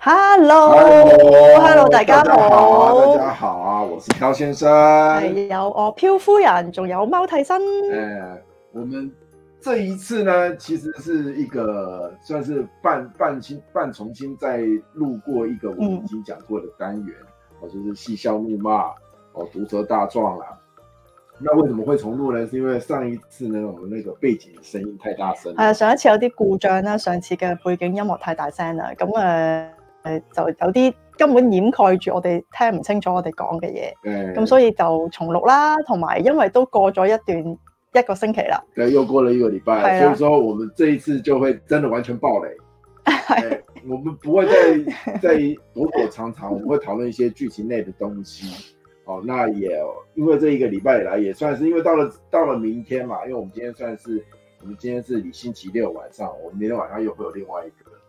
Hello，Hello，Hello, Hello, 大，大家好，大家好啊，我是漂先生，係有我漂夫人，仲有貓替身。誒、欸，我們這一次呢，其實是一個算是半半半重新再錄過一個我們已經講過的單元，哦、嗯，就是《戲笑怒罵》，哦，《毒舌大狀》啦。那為什麼會重錄呢？是因為上一次呢，我們那個背景聲音太大聲。係啊，上一次有啲故障啦，上次嘅背景音樂太大聲啦，咁誒、呃。就有啲根本掩蓋住我哋聽唔清楚我哋講嘅嘢，咁、欸、所以就重錄啦，同埋因為都過咗一段一個星期啦。對，又過了一個禮拜，所以說我們這一次就會真的完全爆雷，欸、我們不會再再躲躲藏藏，我，我，常常我們會討論一些劇情內的東西， 哦，那也因為這一個禮拜以來也算是，因為到了到了明天嘛，因為我們今天算是，我們今天是星期六晚上，我們明天晚上又會有另外一個。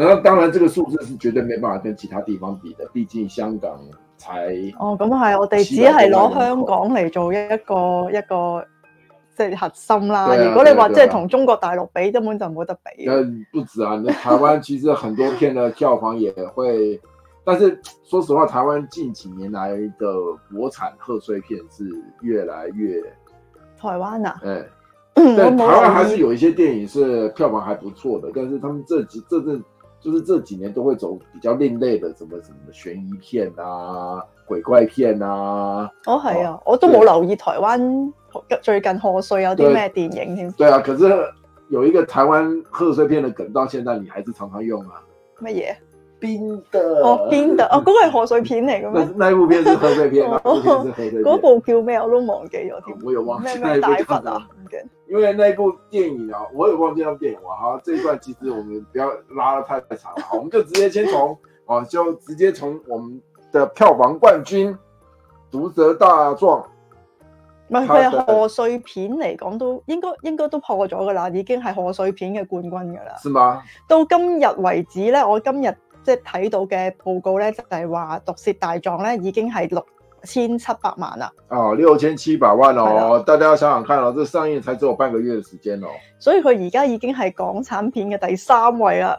那當然，這個數字是絕對沒辦法跟其他地方比的，畢竟香港才哦，咁係我哋只係攞香港嚟做一個一個即係核心啦。啊、如果你話即係同中國大陸比，啊啊、根本就冇得比。嗯，不止啊，你台灣其實很多片的 票房也會，但是說實話，台灣近幾年來的國產賀歲片是越來越台灣啊，誒、欸， 但台灣還是有一些電影是票房還不錯的，但是他們這幾這陣。就是這幾年都會走比較另類的，什麼什麼懸疑片啊、鬼怪片啊。哦，係啊、哦對，我都冇留意台灣最近賀歲有啲咩電影添。對啊，可是有一個台灣賀歲片的梗，到現在你還是常常用啊。乜嘢？冰的哦，邊的哦，嗰、那個係賀歲片嚟嘅咩？那部片係賀歲片啊，嗰部、哦、部叫咩？我都忘記咗添、哦。我有忘咩大佛啊。因為那部電影啊，我有忘記那部電影、啊。好， 這一段其實我們不要拉得太長，好，我們就直接先從，我、 啊、就直接從我們的票房冠軍《毒舌大狀》。唔係，係賀歲片嚟講都應該應該都破咗噶啦，已經係賀歲片嘅冠軍噶啦。是嘛？到今日為止咧，我今日。即係睇到嘅報告咧，就係話《毒舌大狀》咧已經係六千七百萬啦。哦，六千七百萬哦！大家想想看咯、哦，這上映才只有半個月嘅時間咯、哦。所以佢而家已經係港產片嘅第三位啦。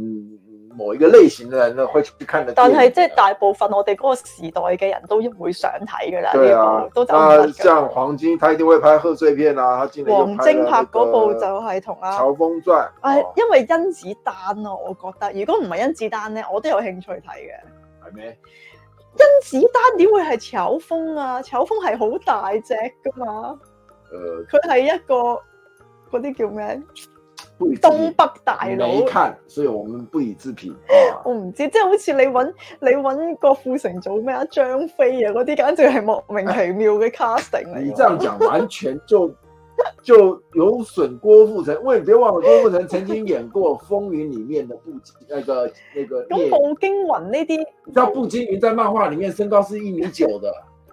嗯，某一個類型的人，那會去睇的。但係即係大部分我哋嗰個時代嘅人都會想睇噶啦，呢部，啊，都走得。啊，即係王晶，他一定會拍賀歲片啊。王晶拍嗰部就係同阿，《喬峰傳》係因為甄子丹啊。我覺得如果唔係甄子丹咧，我都有興趣睇嘅。係咩？甄子丹點會係喬峰啊？喬峰係好大隻噶嘛？誒、呃，佢係一個嗰啲叫咩？東北大佬你看，所以我們不以置評、啊。我唔知，即係好似你搵你搵郭富城做咩啊？張飛啊嗰啲，簡直係莫名其妙嘅 casting、啊。你這樣講，完全就就有損郭富城。喂，你別忘了郭富城曾經演過《風雲》裏面的步、那個， 那個那個。咁步驚雲呢啲，你知道步驚雲，在漫畫裏面身高是一米九嘅。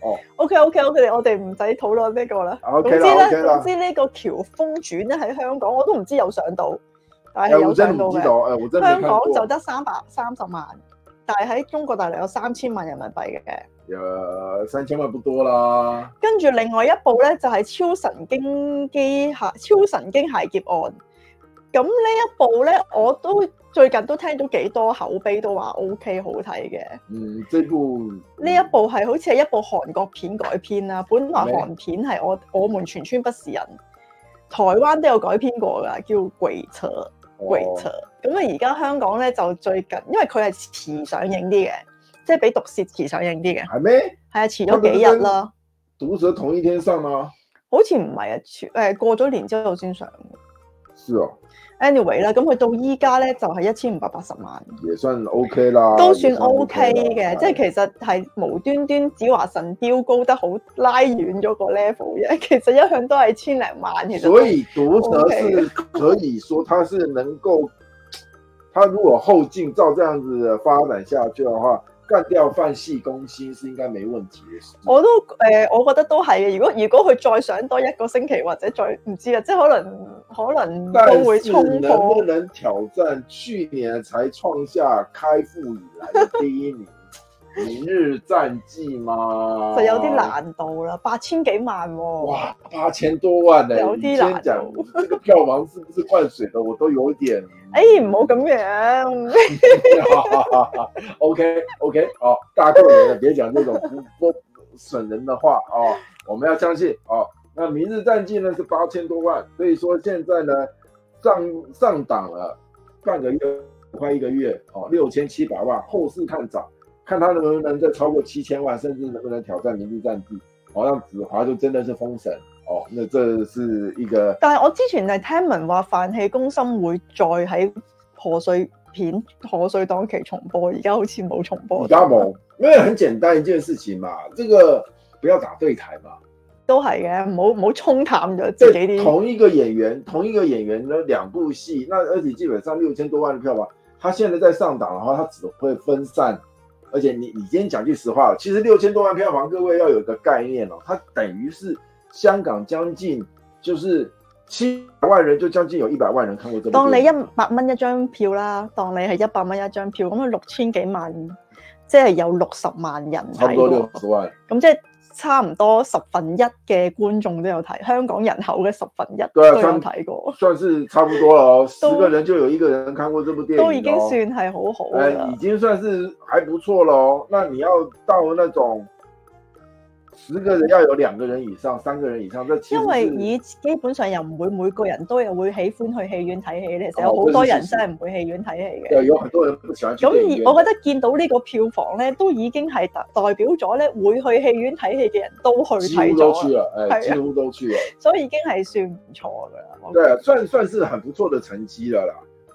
哦、oh. okay,，OK OK OK，我哋唔使討論呢個啦。總之咧，總之呢個《喬峰傳》咧喺香港我都唔知有上到，但係有上到嘅。我真係唔知道，誒，香港就得三百三十萬，但係喺中國大陸有三千萬人民幣嘅。呀，三千萬不多啦。跟住另外一部咧就係《超神經機械超神經械劫案》，咁呢一部咧我都。最近都聽到幾多口碑都話 OK 好睇嘅，嗯，呢部呢一部係好似係一部韓國片改編啦、啊，本來韓片係我我們全村不是人，台灣都有改編過噶，叫《鬼扯鬼扯》。咁啊，而、哦、家、嗯、香港咧就最近，因為佢係遲上映啲嘅，即係比《毒舌》遲上映啲嘅，係咩？係啊，遲咗幾日啦，《毒舌》同一天上啊，好似唔係啊，誒過咗年之後先上嘅，是啊。anyway 啦，咁佢到依家咧就係一千五百八十萬，也算 OK 啦，都算 OK 嘅、OK OK，即係其實係無端端子華神雕高得好拉遠咗個 level 嘅，其實一向都係千零萬嘅。所以毒舌是，可以說，它是能夠，它 如果後勁照這樣子發展下去嘅話。幹掉飯戲攻心是應該沒問題嘅。我都誒、呃、我覺得都係嘅。如果如果佢再想多一個星期，或者再唔知啊，即係可能可能都會，衝破。但是能不能挑戰去年才創下開埠以來嘅第一名？ 明日戰記嗎？就有啲難度了，八千幾萬，哇，八千多萬呢，有啲難。這個票房是不是灌水的？我都有一點……哎，唔好咁樣。 OK OK，好，大過年的，別講這種不不損人的話啊！我們要相信，那明日戰記呢是八千多萬，所以說現在呢上上檔了半個月快一個月，六千七百萬，後市看漲。看他能不能再超過七千萬，甚至能不能挑戰明日戰記，好像子華就真的是封神哦。那這是一個，但係我之前係聽聞話《飯戲攻心》會再喺賀歲片、賀歲檔期重播，而家好似冇重播。而家冇咩很簡單一件事情嘛，這個不要打對台嘛，都係嘅，唔好唔好沖淡咗自己啲。同一個演員，同一個演員呢兩部戲，那而且基本上六千多萬票嘛，他現在在上檔嘅話，他只會分散。而且你你先講句實話，其實六千多萬票房，各位要有一個概念咯、哦，它等於是香港將近就是七百萬人，就將近有一百萬人睇過這。當你一百蚊一張票啦，當你係一百蚊一張票，咁佢六千幾萬，即係有六十萬人睇過，差唔多六十萬，咁即係。差唔多十分一嘅觀眾都有睇，香港人口嘅十分一都有睇過，啊算，算是差不多咯。 十個人就有一個人看過這部電影，都已經算係好好，哎，已經算是還不錯咯。那你要到那種？十個人要有兩個人以上、三個人以上，因為已基本上又唔會每個人都又會喜歡去戲院睇戲，其實有好多人真係唔會戲院睇戲嘅。有好多人唔喜歡咁，我覺得見到呢個票房咧，都已經係代代表咗咧會去戲院睇戲嘅人都去睇咗。都去了，誒、啊，幾乎都去了。所以已經係算唔錯噶啦。對，算算是很不錯嘅成績啦。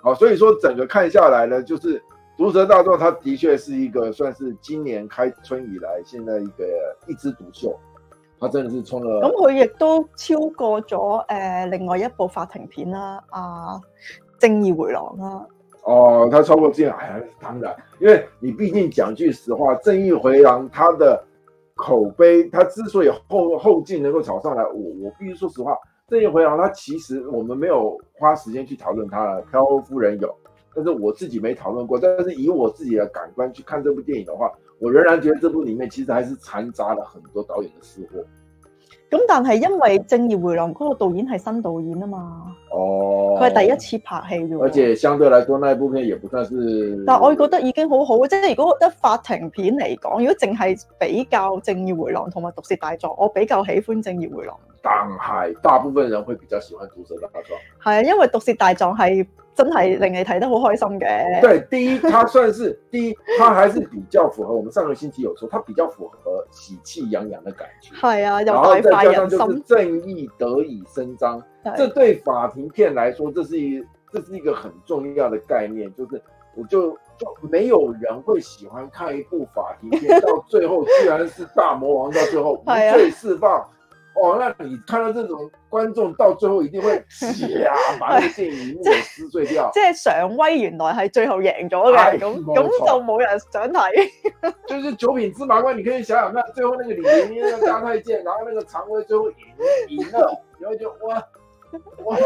好，所以說整個看下來咧，就是。毒舌大狀，他的確是一個算是今年開春以來，現在一個一枝獨秀，他真的是衝了。咁佢亦都超過咗誒、呃，另外一部法庭片啦、啊，《啊正義回廊》啦。哦，他超過正義回廊，當然，因為你畢竟講句實話，《正義回廊》他的口碑，他之所以後後勁能夠炒上來，我我必須說實話，《正義回廊》他其實我們沒有花時間去討論他了。漂夫人有。但是我自己沒討論過，但是以我自己的感官去看這部電影的話，我仍然覺得這部裏面其實還是摻雜了很多導演的私貨。咁、嗯、但係因為《正義回廊》嗰、那個導演係新導演啊嘛，哦，佢係第一次拍戲嘅，而且相對來說那一部片也不算是，但我覺得已經好好，即、就、係、是、如果覺得法庭片嚟講，如果淨係比較《正義回廊》同埋《毒舌大狀》，我比較喜歡《正義回廊》。但係大部分人會比較喜歡《毒舌大狀》，係啊，因為《毒舌大狀》係。真係令你睇得好開心嘅。對，第一，它算是第一，它還是比較符合我們上個星期有說，它比較符合喜氣洋洋嘅感覺。係啊，然後再加上，就是正義得以伸張，又大快人心啊，這對法庭片來說，這是一，這是一個很重要的概念。就是我就就沒有人會喜歡看一部法庭片，啊、到最後居然是大魔王，到最後無罪釋放。哦，那你看到這種觀眾到最後一定會撕呀， 把個電影幕撕碎掉。 哎、即係常威原來係最後贏咗嘅，咁、哎、咁就冇人想睇。 就是九品芝麻官，你可以想想看，最後那個李連英個大太監，然後那個常威最後贏贏咗，然 後就哇哇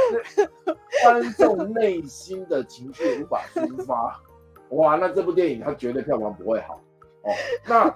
觀眾內心的情緒無法抒發，哇！那這部電影，它絕對票房不會好。哦，那。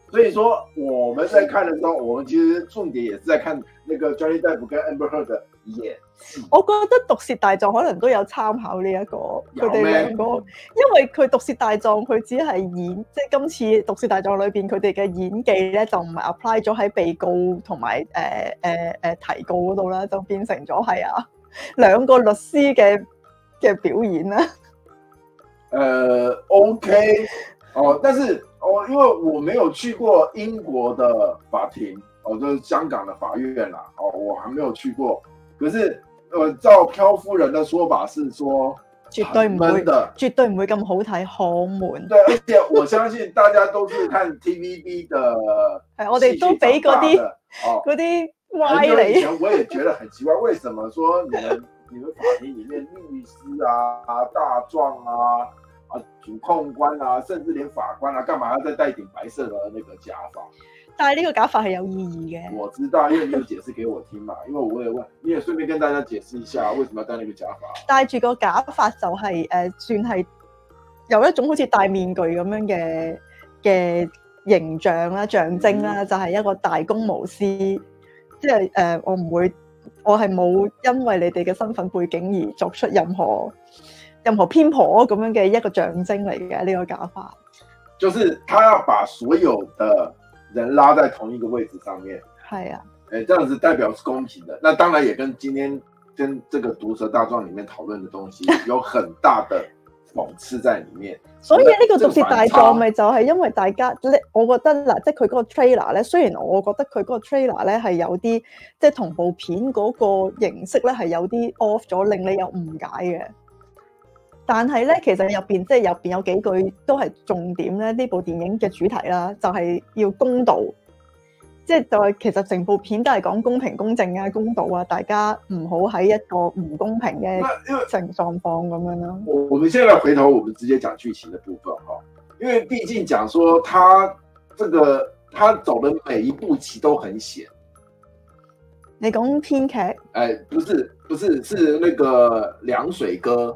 所以說我們在看的時候，我們其實重點也是在看那個 Johnny Depp 跟 Amber Heard 嘅演。我覺得毒舌大狀可能都有參考呢、這、一個佢哋兩個，因為佢毒舌大狀佢只係演，即係今次毒舌大狀裏邊佢哋嘅演技咧就唔係 apply 咗喺被告同埋誒誒誒提告嗰度啦，就變成咗係啊兩個律師嘅嘅表演啦。誒、呃，OK，哦，但是。哦，因為我沒有去過英國的法庭，哦，即、就是、香港的法院啦，哦，我還沒有去過。可是，呃、照漂夫人的說法是說，絕對不會的，絕對唔會咁好睇，好悶。對，而且我相信大家都是看 TVB 的，的，係、哎，我哋都俾嗰啲，哦，嗰啲歪理。很久以前我也覺得很奇怪，為什麼說你們你們法庭裏面律師啊、大狀啊，啊，主控官啊，甚至連法官啊，幹嘛要再戴頂白色嘅那個假髮？戴呢個假髮係有意義嘅，我知道，因為你有解釋給我聽嘛， 因為我會問，你也順便跟大家解釋一下為什麼要戴呢個假髮？戴住個假髮就係、是、誒、呃，算係有一種好似戴面具咁樣嘅嘅形象啦，象徵啦、啊嗯，就係、是、一個大公無私，即係誒，我唔會，我係冇因為你哋嘅身份背景而作出任何，任何偏頗咁樣嘅一個象徵嚟嘅呢個假髮，就是他要把所有的人拉在同一個位置上面。係啊，誒、欸，這樣子代表是公平的。那當然也跟今天跟這個毒舌大狀裡面討論嘅東西有很大的諷刺在裡面。 所以呢個毒舌大狀咪就係因為大家咧，我覺得嗱，即係佢嗰個 trailer 咧，雖然我覺得佢嗰個 trailer 咧係有啲即係同部片嗰個形式咧係有啲 off 咗，令你有誤解嘅。但係咧，其實入邊即係入邊有幾句都係重點咧。呢部電影嘅主題啦，就係、是、要公道，即係就係、是、其實成部片都係講公平、公正啊、公道啊，大家唔好喺一個唔公平嘅情狀況咁樣咯、啊。我我們現在回頭我們直接講劇情嘅部分哈、啊。因為畢竟講說，他這個他走的每一步棋都很險。你講編劇？誒、哎，不是，不是，是那個涼水哥。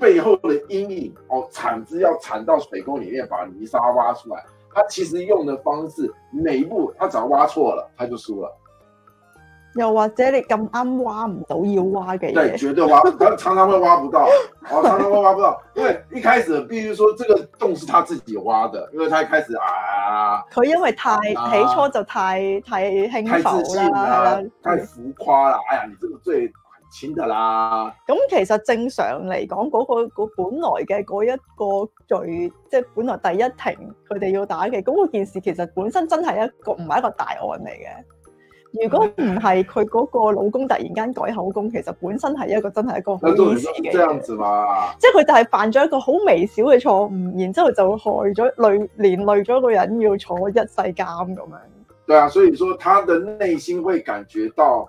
背後的陰影哦，鏟子要鏟到水溝裏面把泥沙挖出來。他其實用的方式，每一步他只要挖錯了，他就輸了。又或者你咁啱挖唔到要挖嘅嘢。對，絕對挖，他常常會挖不到， 哦，常常會挖不到。 因為一開始，必須說這個洞是他自己挖的，因為他一開始啊。佢因為太、啊、起初就太太輕浮啦、啊啊，太浮誇啦。哎呀，你這個最。錢噶啦，咁其實正常嚟講，嗰、嗰個本來嘅嗰一個罪，即係本來第一庭佢哋要打嘅，咁件事其實本身真係一個唔係一個大案嚟嘅。如果唔係佢嗰個老公突然間改口供，其實本身係一個真係一個好意思嘅，即係佢就係犯咗一個好微小嘅錯誤，然之後就害咗累連累咗個人要坐一世監咁樣。對啊，所以說，他的內心會感覺到。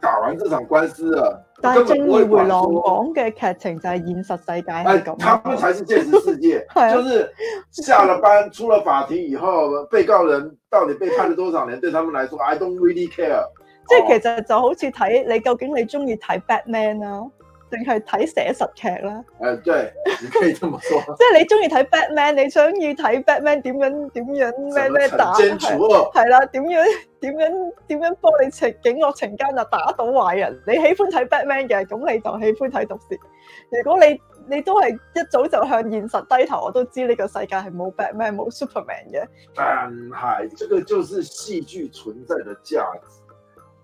打完這場官司啊，但係正義回廊講嘅劇情就係現實世界係咁，他們才是現實世界，係， 啊、就是下了班 出了法庭以後，被告人到底被判了多少年，對他們來說，I don't really care。即係其實就好似睇你究竟你中意睇 Batman 啊？定係睇寫實劇啦，誒， 即係你可以咁樣講，即 係你中意睇 Batman，你想要睇 Batman 點樣點樣咩咩打係啦，點樣點樣點樣幫你情警惡情奸就、啊、打倒壞人，你喜歡睇 Batman 嘅，咁你就喜歡睇毒舌。如果你你都係一早就向現實低頭，我都知呢個世界係冇 Batman 冇 Superman 嘅。但係，呢個就是戲劇存在的價值。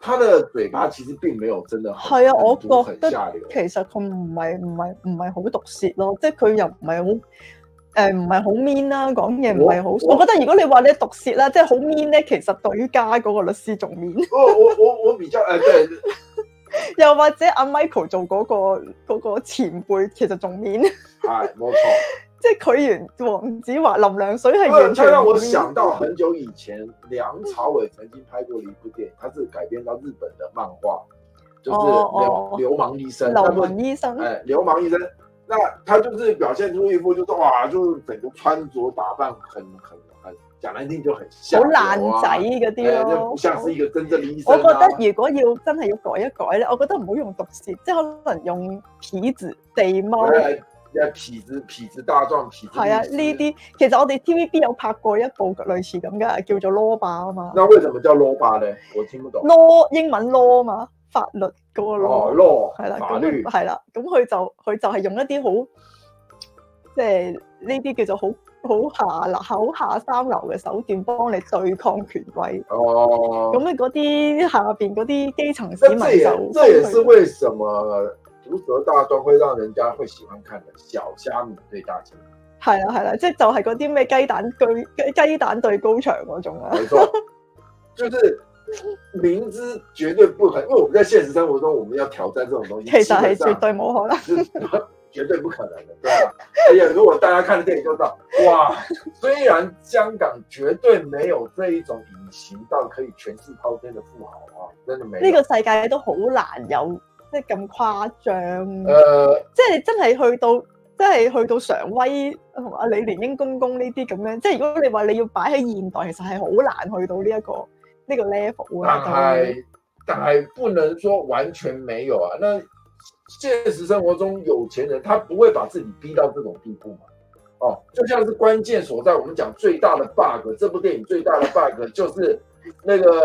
他的嘴巴其實並沒有真的好。係啊！我覺得其實佢唔係唔係唔係好毒舌咯，即係佢又唔係好誒唔係好 mean 啦，講嘢唔係好。我覺得如果你話你毒舌啦，即係好 mean 咧，其實對於家嗰個律師仲 mean。我我我而家誒即係又或者阿 Michael 做嗰個嗰個前輩，其實仲 mean。係，冇錯。即係佢原黃子華林涼水係完全樣。佢讓我想到很久以前梁朝偉曾經拍過一部電影，他是改編到日本的漫畫，就是《流流氓醫生》哦哦。流氓醫生，誒、就是哎，流氓醫生。那他就是表現出一副，就是哇，就整個穿着打扮很、很、很，很講嚟聽就很像、啊。像，好爛仔嗰啲咯。哎、就不像是一個真正的醫生、啊。我覺得如果要真係要改一改咧，我覺得唔好用毒舌，即、就、係、是、可能用痞子地溝。哎啲痞子、痞子大狀、痞子，係啊！呢啲其實我哋 TVB 有拍過一部類似咁嘅，叫做《Law 霸》啊嘛。那為什麼叫 Law 霸咧？我聽唔到。law 英文 law 嘛，法律嗰個 law，係啦，法律係啦，咁佢就佢就係用一啲好即係呢啲叫做好好下流、好下三流嘅手段幫你對抗權威。哦。咁咧，嗰啲下邊嗰啲基層市民就，這也是為什麼。毒舌大狀，會讓人家會喜歡看的。小蝦米對大家係啦係啦，即係就係嗰啲咩雞蛋對、雞雞蛋對高牆嗰種啊。就是、啊就是、明知絕對不可能，因為我們在現實生活中，我們要挑戰這種東西，其實係絕對冇可能，就是、絕對不可能 絕對不可能的，對吧、啊？哎呀，如果大家看電影就知道，哇！雖然香港絕對沒有這一種隱形到可以權勢滔天的富豪啊，真的沒有，呢、這個世界都好難有。即係咁誇張的，呃，即係真係去到，即係去到常威同埋李連英公公呢啲咁樣。即係如果你話你要擺喺現代，其實係好難去到呢一個呢個 level 啊。但係但係不能說完全沒有啊。那現實生活中，有錢人他不會把自己逼到這種地步嘛？哦、啊，就像是關鍵所在，我們講最大的 bug，這部電影最大的 bug 就是那個。 那個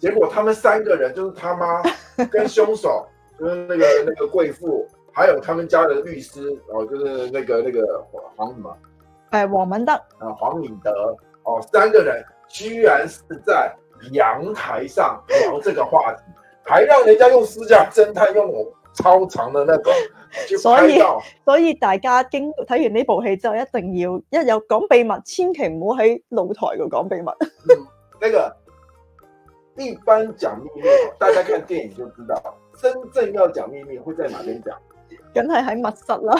結果他們三個人，就是他媽跟兇手跟那個那個貴婦，還有他們家的律師哦，就是那個那個黃什麼？哎，黃敏德。啊，黃敏德哦，三個人居然是在陽台上聊這個話題，還讓人家用私家偵探用我超長的那種去拍照 所以，所以大家經睇完呢部戲之後，一定要一有講秘密，千祈唔好喺露台度講秘密。 嗯，那個。一般講秘密，大家看電影就知道， 真正要講秘密會在哪邊講？梗係喺密室啦。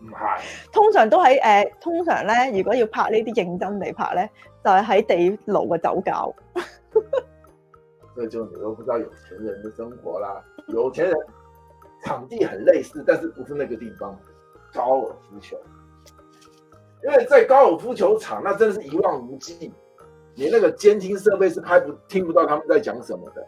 唔 係、 呃，通常都喺誒，通常咧如果要拍呢啲認真嚟拍咧，就係、是、喺地牢嘅酒窖。呢啲就你都不知道有錢人的生活啦，有錢人場地很類似，但是不是那個地方，高爾夫球。因為在高爾夫球場，那真的是一望無際。你那個監聽設備是拍不聽不到他們在講什麼的，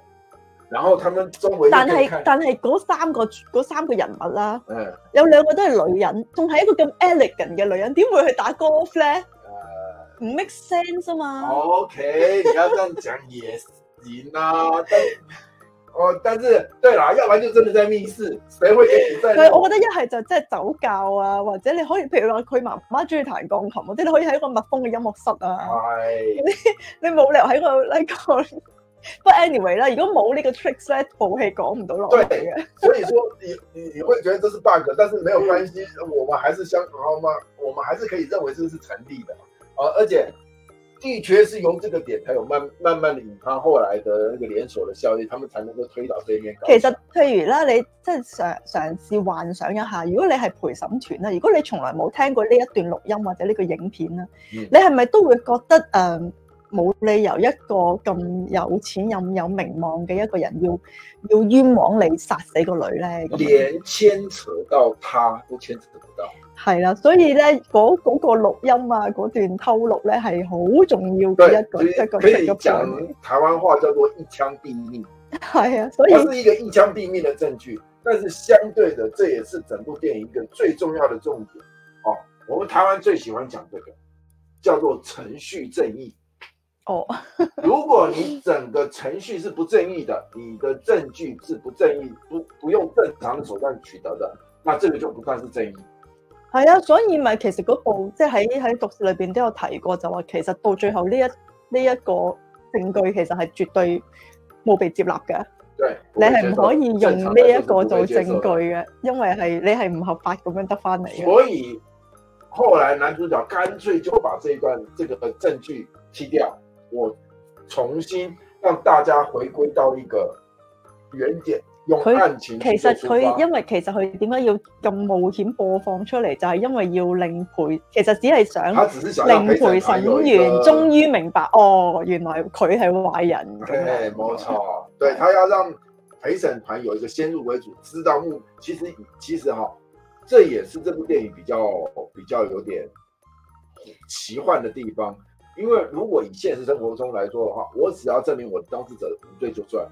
然後他們周圍，但係，但係嗰三個，嗰三個人物啦，誒有兩個都係女人，仲係一個咁 elegant 嘅女人，點會去打 golf 咧？唔 make sense 啊嘛。OK，而家就上夜展啦，都。哦，但是對啦，要不然就真的在密室，誰會喺？但係我覺得一係就即係走教，啊，或者你可以，譬如話佢媽媽中意彈鋼琴，或者你可以喺個密封嘅音樂室啊。係、哎。你你冇理由喺個 like 個，不過 anyway 咧，如果冇呢個 tricks 咧，部戲講唔到落去的。對，所以說你你你會覺得這是 bug，但是沒有關係，我們還是相，好、啊、嗎、啊？我們還是可以認為這是成立的。好、啊，而且。的確是用這個點，才有慢慢慢地引發後來的那個連鎖的效應，他們才能夠推到這一面。其實，譬如啦，你即係嘗嘗試幻想一下，如果你係陪審團啦，如果你從來冇聽過呢一段錄音或者呢個影片啦、嗯，你係咪都會覺得誒，冇、呃、理由一個咁有錢又有，有名望嘅一個人要要冤枉你殺死個女呢？連牽扯到他都牽扯唔到。係啦、啊，所以咧嗰嗰個錄音啊，嗰段透露咧係好重要嘅一個一個證據，可以講台灣話叫做一槍斃命。係啊，所以它是一個一槍斃命嘅證據。但是相對的，這也是整部電影一個最重要的重點。哦、啊，我們台灣最喜歡講這個叫做程序正義。哦， 如果你整個程序是不正義的，你的證據是不正義，不不用正常的手段取得的，那這個就不算是正義。係啊，所以咪其實嗰部即係喺喺讀書裏邊都有提過，就話其實到最後呢一呢一,一個證據其實係絕對冇被接納嘅。你係唔可以用呢一個做證據嘅，因為係你係唔合法咁樣得翻嚟。所以，後來男主角乾脆就把呢一段這個證據踢掉，我重新讓大家回歸到一個原點。他其實佢，因為其實佢點解要咁冒險播放出嚟，就係因為要令陪其實只係想令陪審員終於明白哦，原來佢係壞人。誒，冇錯、啊， 對，他要讓陪審團有一個先入為主，知道目其實其實哈，這也是這部電影比較比較有點奇幻的地方。因為如果以現實生活中來說的話，我只要證明我當事者無罪就算。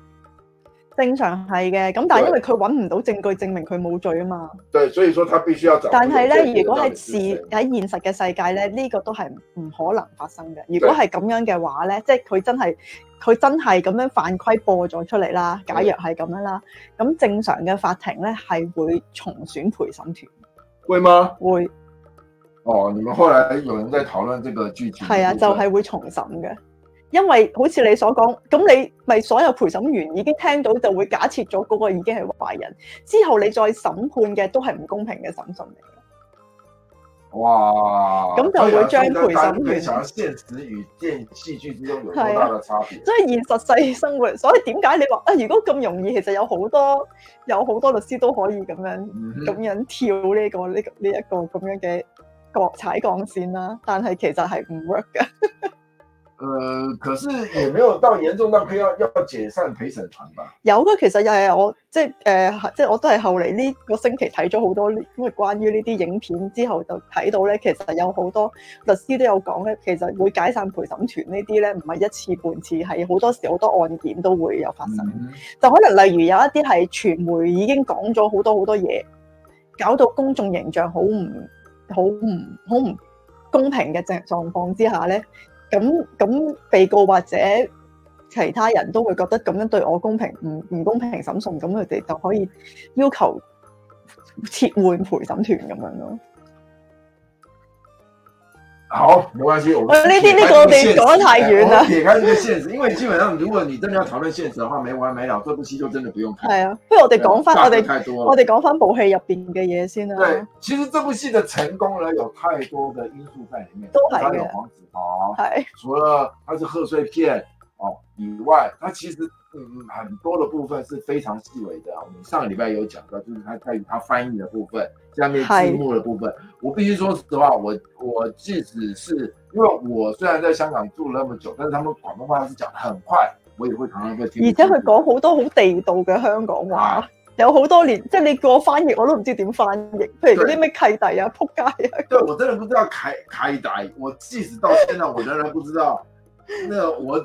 正常係嘅，咁但係因為佢揾唔到證據證明佢冇罪啊嘛。對，所以說他必須要走。但係咧，如果係事喺現實嘅世界咧，呢個都係唔可能發生嘅。如果係咁樣嘅話咧，即係佢真係佢真係咁樣犯規播咗出嚟啦。假若係咁樣啦，咁正常嘅法庭咧係會重選陪審團的。會嗎？會。哦，你們後來有人在討論這個劇情。係啊，就係會重審嘅。因為好似你所講，咁你咪所有陪審員已經聽到就會假設咗嗰個已經係壞人，之後你再審判嘅都係唔公平嘅審訊嚟嘅。哇！咁就會將陪審員、啊、現實與電視劇之中有多大的差別？啊、所以現實世生活，所以點解你話啊？如果咁容易，其實有好多有好多律師都可以咁樣咁樣跳呢、呢個呢呢一個咁、這個、樣嘅鋼踩鋼線啦、啊。但係其實係唔 work 嘅。誒、呃，可是也沒有到嚴重到可要要解散陪審團吧？有嘅，其實又係我即係誒，即係、呃、我都係後嚟呢個星期睇咗好多，因為關於呢啲影片之後就睇到咧，其實有好多律師都有講咧，其實會解散陪審團呢啲咧，唔係一次半次，係好多時好多案件都會有發生。就可能例如有一啲係傳媒已經講咗好多好多嘢，搞到公眾形象好唔好唔好唔公平嘅狀狀況之下咧。咁咁被告或者其他人都會覺得咁樣對我公平，唔唔公平審訊，咁佢哋就可以要求撤換陪審團咁樣咯。好，沒關係。我呢啲呢個我哋講得太遠了。撇開這個現實，這個、現實 因為基本上如果你真係要討論現實嘅話，沒完沒了，這部戲就真的不用看。係啊，不如我哋講我哋我哋講翻部戲入邊嘅嘢先啦、啊。對，其實這部戲的成功呢，有太多的因素在裏面。都係嘅。有黃子華，哦，係。除了它是賀歲片。哦，以外，它其實嗯很多的部分是非常細微的。我們上個禮拜有講到，就是它在於它翻譯的部分，下面字幕的部分。我必須說實話，我我即使是因為我雖然在香港住了那麼久，但是他們廣東話是講得很快，我也會常常會聽。而且他講好多好地道的香港話，啊、有好多年即係你叫我翻譯，我都唔知點翻譯。譬如嗰啲咩契弟啊、仆街啊。對，我真的不知道契契弟，我即使到現在，我仍然不知道。 那我。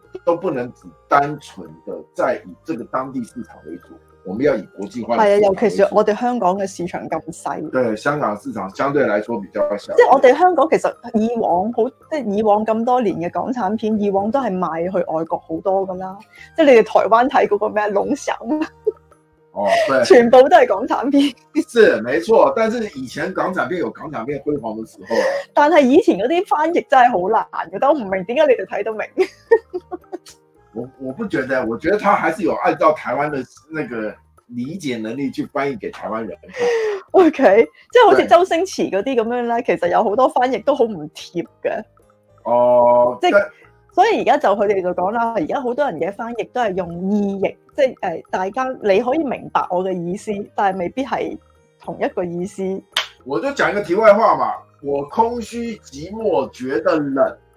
都不能只單純的在以這個當地市場為主，我們要以國際化。係啊，尤其是我哋香港嘅市場咁細。對，香港市場相對來說比較小。即係我哋香港其實以往好，即係以往咁多年嘅港產片，以往都係賣去外國好多噶啦。即係你哋台灣睇嗰個咩《龍翔》。哦，對，全部都係港產片，是，沒錯，但是以前港產片有港產片輝煌的時候，但係以前嗰啲翻譯真係好難嘅，都唔明點解你哋睇到明。我不明你明 我，我不覺得，我覺得他還是有按照台灣的那個理解能力去翻譯給台灣人。O K，即係好似周星馳嗰啲咁樣啦，其實有好多翻譯都好唔貼嘅。哦、呃，即係。所以而家就佢哋就講啦，而家好多人嘅翻譯都係用意譯，即係誒，大家你可以明白我嘅意思，但係未必係同一個意思。我就講一個題外話嘛，我空虛寂寞，覺得冷。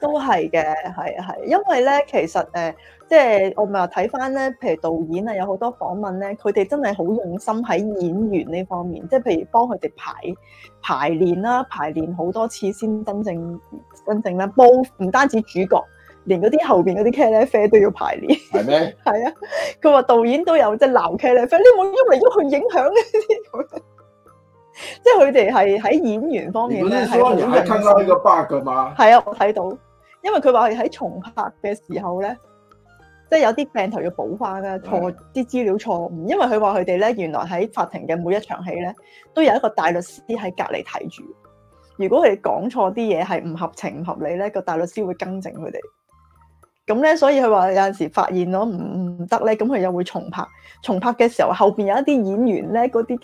都係嘅，係係，因為咧，其實誒，即係我咪話睇翻咧，譬如導演啊，有好多訪問咧，佢哋真係好用心喺演員呢方面，即係譬如幫佢哋排排練啦，排練好多次先真正真正咧，both 唔單止主角，連嗰啲後邊嗰啲茄喱啡都要排練，係咩？係 啊，佢話導演都有即係鬧茄喱啡，你冇喐嚟喐去影響嘅。 即係佢哋係喺演員方面係點樣嘅？係啊，我睇到，因為佢話喺重拍嘅時候咧，即係有啲鏡頭要補翻嘅，錯啲資料錯誤。因為佢話佢哋咧，原來喺法庭嘅每一場戲咧，都有一個大律師喺隔籬睇住。如果佢哋講錯啲嘢係唔合情唔合理咧，個大律師會更正佢哋。咁咧，所以佢話有陣時發現咗唔唔得咧，咁佢又會重拍。重拍嘅時候後邊有一啲演員咧，嗰啲。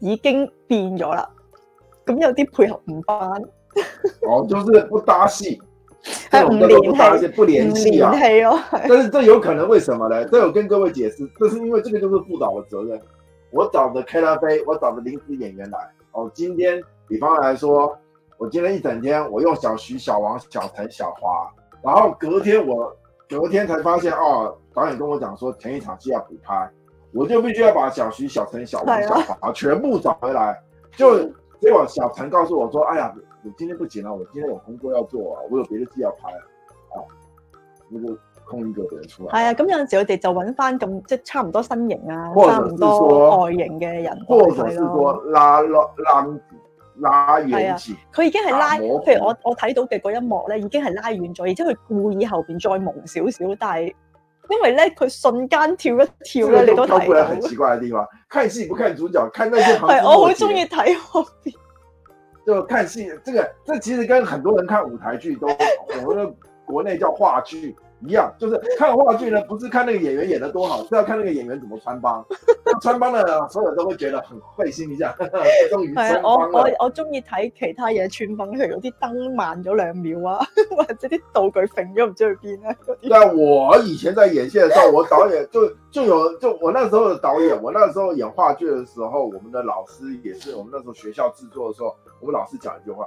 已經變咗啦，咁有啲配合唔翻， 哦，就是不搭戲，係唔、啊、連繫，不聯繫啊係，但是這有可能，為什麼呢？這有跟各位解釋，這是因為這個就是副導的責任，我找的 k 拉飛，我找的臨時演員來，哦，今天比方來說，我今天一整天我用小徐、小王、小陳、小華，然後隔天我隔天才發現，哦，導演跟我講說前一場戲要補拍。我就必須要把小徐、小陳、小王、小華全部找回來。就結果小陳告訴我說，哎呀，我今天不行啦，我今天有工作要做啊，我有俾啲資料拍啊，啊，呢個空咗俾人出嚟。係啊，咁有陣時佢哋就揾翻，咁即係差唔多身形啊，差唔多外形嘅人。或者是說拉拉拉遠佢、啊、已經係拉、拉，譬如我我睇到嘅嗰一幕咧，已經係拉遠咗，而且佢故意後邊再蒙少少，但係。因為呢，佢瞬間跳一跳咧，你都睇。睇不來很奇怪的地方， 看戲不看主角，看那些行。係我好中意睇學。就看戲，這個，這其實跟很多人看舞台劇 都，我們的國內叫話劇。一樣，就是看話劇呢，不是看那個演員演得多好，是要看那個演員怎麼穿幫。 穿幫了，所有人都會覺得很會心一下，集中於。我我我中意睇其他嘢穿幫，譬如有啲燈慢咗兩秒啊，或者啲道具揈咗唔知去邊啦。因為我以前在演戲的時候，我導演就就有就我那時候的導演，我那時候演話劇的時候，我們的老師也是我們那時候學校製作的時候，我們老師講一句話。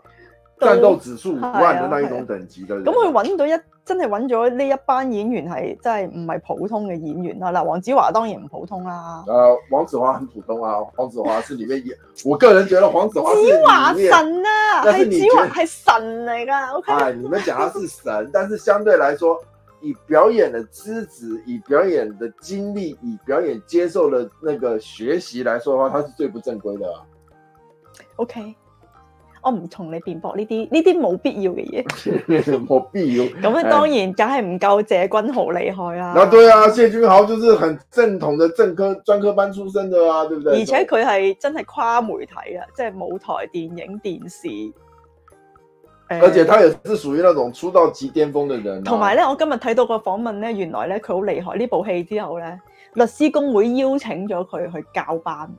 戰鬥指數五萬的那一種等級嘅人，咁佢揾到一，真係揾咗呢一班演員係真係唔係普通嘅演員啦。嗱，黃子華當然唔普通啦。誒、啊，黃子華很普通啊，黃子華是裏面，演。 我個人覺得黃子華。子華神啊，係子華係神嚟噶。Okay? 哎，你們講他是神，但是相對來說，以表演的資質、以表演的經歷、以表演接受的那個學習來說的話，他是最不正規的。OK。我唔同你辯駁呢啲，呢啲冇必要嘅嘢。冇 必要。咁咧，當然梗係唔夠謝君豪厲害啦。啊，對啊，謝君豪就是很正統嘅正科專科班出身的啊，對不對？而且佢係真係跨媒體啊，即係舞台、電影、電視。而且他也是屬於那種出道即巔峰嘅人啊。同埋咧，我今日睇到個訪問咧，原來咧佢好厲害。呢部戲之後咧，律師公會邀請咗佢去教班。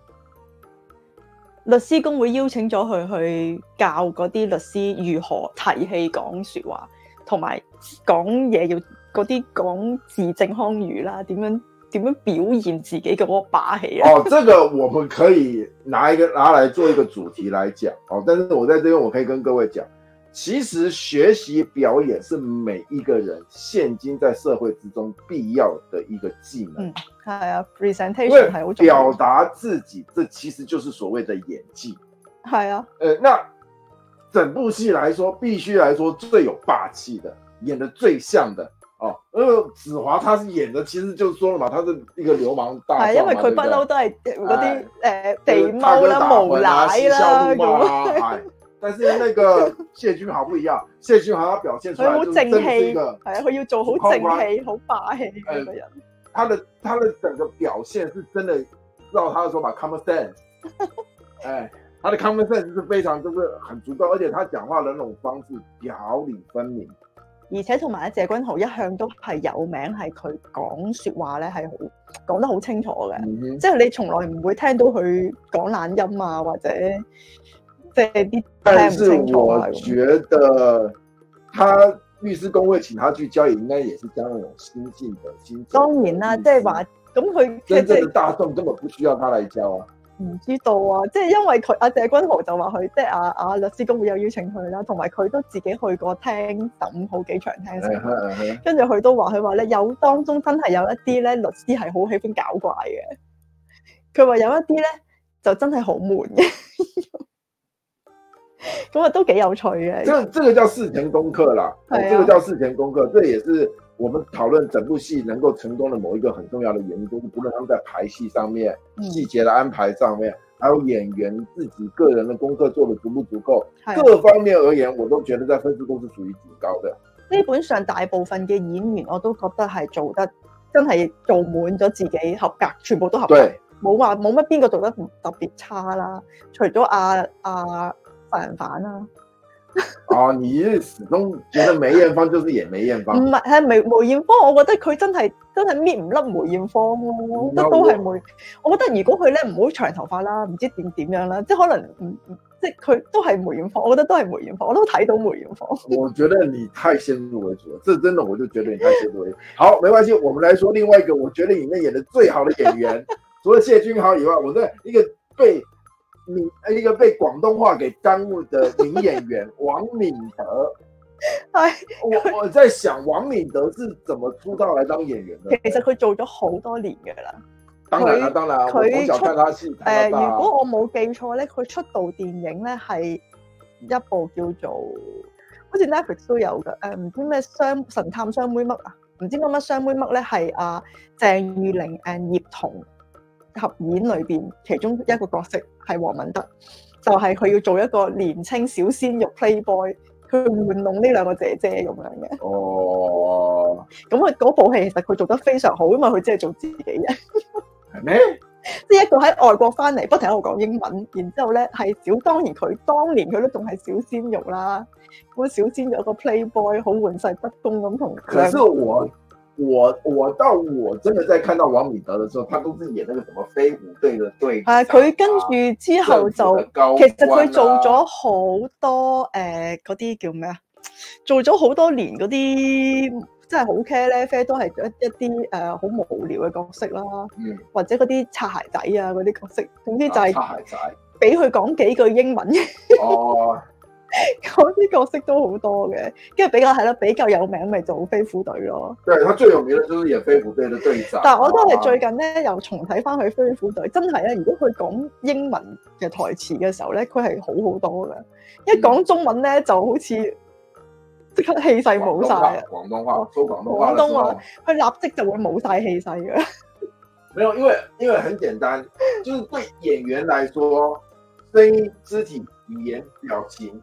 律師公會邀請咗佢去教嗰啲律師如何提氣講說話，同埋講嘢要嗰啲講字正腔圓啦，點樣點樣表現自己咁霸氣啊！哦，這個我們可以拿一個拿來做一個主題來講，哦，但是我在這邊我可以跟各位講。其實學習表演是每一個人現今在社會之中必要的一個技能。嗯，係啊，presentation，表達自己，這其實就是所謂的演技。係啊，呃，那整部戲來說，必須來說最有霸氣的，演得最像的哦，啊。呃，子華他是演的，其實就是說了嘛，他是一個流氓大，係因為佢不嬲都係嗰啲誒肥貓啦、就是啊、無賴啦 但是那個謝君豪不一樣， 謝君豪他表現出來是是正氣好正氣，係啊，佢要做好正氣、好霸氣嘅一個人。呃、他的他的整個表現是真的，知道，他的說法 common sense 哎， 他的 common sense 是非常，就是很足夠，而且他講話兩種方式表裏分明。而且同埋阿謝君豪一向都係有名，係佢講說話咧係好講得好清楚嘅，即、嗯、係、就是、你從來唔會聽到佢講懶音啊或者。但是我覺得，他律師公會請他去教，應該也是將一種新進的心。當然啦，即係話咁佢即正的大眾根本不需要他來教啊。唔、就是、知道啊，即、就、係、是、因為佢阿謝君豪就話佢，即係阿阿律師公會有邀請佢啦，同埋佢都自己去過聽，等好幾場聽成、哎哎。跟住佢都話佢話咧，有當中真係有一啲咧律師係好喜歡搞怪嘅，佢話有一啲咧就真係好悶嘅。 咁啊，都幾有趣嘅。這這個叫事前功課啦，係、啊、這個叫事前功課，這也是我們討論整部戲能夠成功的某一個很重要的原因，就是不論他們在排戲上面、細節的安排上面，還有演員自己個人的功課做得足不足夠、啊，各方面而言，我都覺得在《分出個》是屬於挺高的。基本上，大部分嘅演員我都覺得係做得真係做滿咗自己合格，全部都合格，冇話冇乜邊個做得特別差啦。除咗阿、啊。啊殺人犯啦！啊、哦，你始終覺得梅艷芳就是演梅艷芳，唔係係梅梅艷芳，我覺得佢真係真係搣唔甩梅艷芳,、啊嗯、芳，我覺得都係梅。我覺得如果佢咧唔好長頭髮啦，唔知點點樣啦，即係可能唔即係佢都係梅艷芳，我覺得都係梅艷芳，我都睇到梅艷芳。我覺得你太先入為主啦，這真的我就覺得你太先入為主。好，沒關係，我們來說另外一個，我覺得裏面演得最好的演員， 除了謝君豪以外，我在一個被。呢一個被廣東話給耽誤的名演員王敏德，我我在想王敏德是怎麼出道來當演員嘅？ 其實佢做咗好多年嘅啦，當然當然，我想睇下先。誒、呃，如果我冇記錯咧，佢出道電影咧係一部叫做，好似 Netflix 都有噶，誒、呃，唔知咩雙神探雙妹乜啊？唔知乜乜雙妹乜咧係阿鄭裕玲 and 葉童。合演裏邊其中一個角色係黃敏德，就係、是、佢要做一個年青小鮮肉 playboy，去玩弄呢兩個姐姐咁樣嘅。哦，咁佢嗰部戲其實佢做得非常好，因為佢只係做自己人。係咩？即係一個喺外國翻嚟，不停喺度講英文，然之後咧係小。當然佢當年佢都仲係小鮮肉啦。咁小鮮肉一個 playboy，好玩世不恭咁同。可我我到我真的在看到王敏德嘅時候，他都是演那個什麼飛虎隊嘅隊。係、啊、佢跟住之後就，其實佢做咗好多誒嗰啲叫咩啊？做咗好多年嗰啲，即、嗯、係好 care 咧啡都係一一啲誒好無聊嘅角色啦。嗯，或者嗰啲擦鞋仔啊嗰啲角色，總之就係，俾佢講幾句英文、啊、擦鞋仔、 哦。嗰啲角色都好多嘅，跟住比較係咯，比較有名咪做飛虎隊咯。對佢最有名咧，就是演飛虎隊嘅隊長。但係我覺得係最近咧、啊，又重睇翻佢飛虎隊，真係咧，如果佢講英文嘅台詞嘅時候咧，佢係好好多噶，一講中文咧、嗯、就好似即刻氣勢冇晒啊！廣東話，說廣東廣東話、啊，佢立即就會冇晒氣勢嘅。沒有，因為因為很簡單，就是對演員來說，聲音、肢體、語言、表情。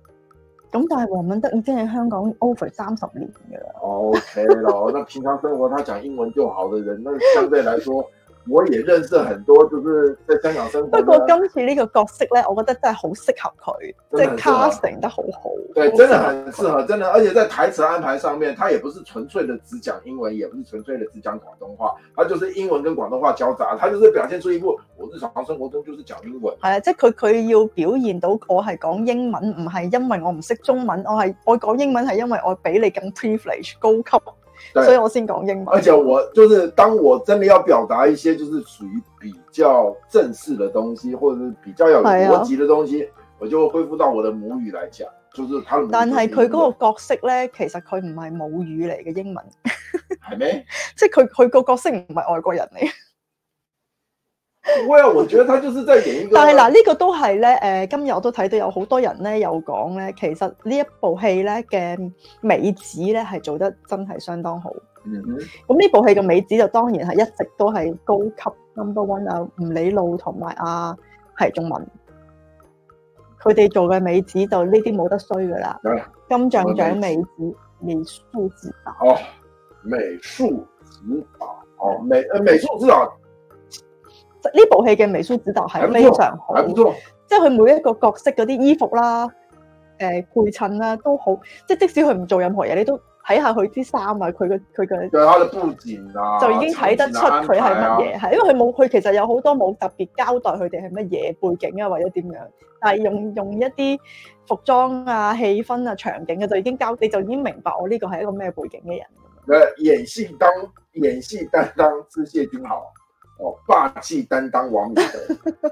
咁但係黃敏德已經喺香港 over 三十年嘅啦。OK 啦，那平常生活他講英文就好的人，那相對來說。 我也認識很多，就是在香港生活啊。不過今次呢個角色呢，我覺得真係好適合佢，即係、就是、casting 得好好。對，適真的很適合，真的。而且在台詞安排上面，他也不是純粹的只講英文，也不是純粹的只講廣東話，他就是英文跟廣東話交雜。他就是表現出一部我日常生活中就是講英文。係啊，即係佢佢要表現到我係講英文，唔係因為我唔識中文，我係我講英文係因為我比你更 privilege 高級。所以我先講英文，而且我就是當我真的要表達一些就是屬於比較正式的東西，或者是比較有邏輯的東西，我就會恢復到我的母語來講，就是佢。但係佢嗰個角色呢，其實佢唔係母語嚟嘅英文，係咩？即係佢佢個角色唔係外國人嚟。喂， 我覺得他就是在影一個， 但係嗱呢個都係咧，誒、呃，今日我都睇到有好多人咧，又講咧，其實呢一部戲咧嘅美子咧係做得真係相當好。嗯，嗯，咁呢部戲嘅美子就當然係一直都係高級、嗯、number one 啊，吳禮路同埋啊係中、啊、文，佢哋做嘅美子就呢啲冇得衰噶啦、哎，金像獎美子美術指導哦，美術指哦、啊，美誒、呃、美呢部戲嘅美術指導係非常好的，即係佢每一個角色嗰啲衣服啦、誒、呃、配襯啦、啊、都好，即係即使佢唔做任何嘢，你都睇下佢啲衫啊、佢嘅佢嘅，嘅布景啊，就已經睇得出佢係乜嘢，係因為佢冇佢其實有好多冇特別交代佢哋係乜嘢背景啊，或者點樣，但係用用一啲服裝啊、氣氛啊、場景啊，就已經交你就已經明白我呢個係一個咩背景嘅人。誒演戲當，演戲擔當，當，是謝君豪。哦、霸氣擔當王母，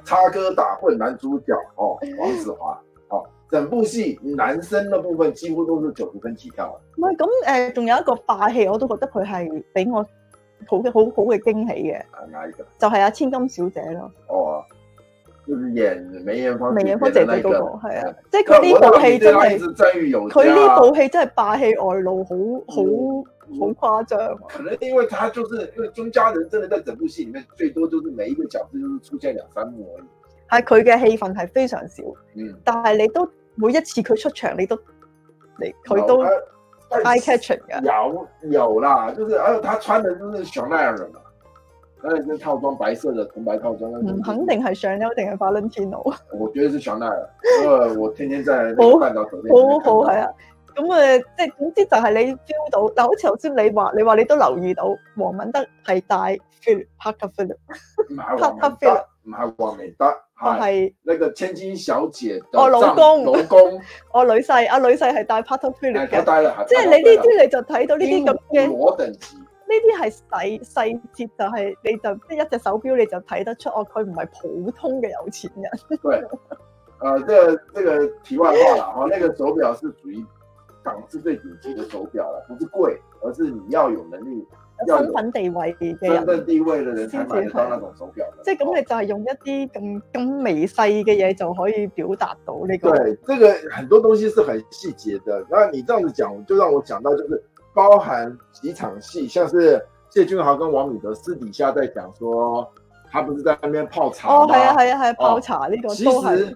插 科打諢男主角哦，黃子華哦，整部戲男生嘅部分幾乎都九十分起跳。唔係咁誒，仲、呃、有一個霸氣，我都覺得佢係俾我好嘅好好嘅驚喜嘅，就係、是、阿、啊、千金小姐咯。哦，就是演梅艷芳，梅艷芳姐姐嗰、那個係啊，即係佢呢部戲真係，佢呢部戲真係霸氣外露，好好。嗯。好誇張，可能因為他就是因為鍾家人真的在整部戲裏面最多就是每一個角色就是出現兩三幕而已，係佢嘅戲份係非常少，嗯，但係你都每一次佢出場你都，嚟，佢都 eye catching 嘅，有有，有啦，就是還有他穿的都是香奈兒嘛，香奈兒套裝白色的同白套裝的，唔，肯定係香奈兒定係 Valentino，我覺得是香奈兒，因為我天天在半島看到好好係啊。咁、嗯、誒，即係總之就係、是、你 feel 到，但好似頭先你話，你話你都留意到黃敏德係戴 Philip Parker Philip Parker Philip 唔係黃敏德係呢個千金小姐，我老公老公我女婿，阿、啊、女婿係戴 Parker Philip 嘅，即係、就是、你呢啲你就睇到呢啲咁嘅呢啲係細細節，就係你就即係一隻手錶你就睇得出，哦，佢唔係普通嘅有錢人。對，誒、呃，呢、這個呢、這個題外話啦，嚇、哦，那個手錶係屬於。是最頂級的手錶啦，不是貴，而是你要有能力，身份地位，身份地位的人，位的人才，才買得到那種手錶。即係咁，你就係用一啲咁咁微細嘅嘢就可以表達到你。對，這個很多東西是很細節的。那你這樣子講，就讓我講到就是包含幾場戲，像是謝君豪跟王敏德私底下在講說，他不是在那邊泡茶。哦，係啊，係啊，係啊，泡茶呢、嗯這個都係。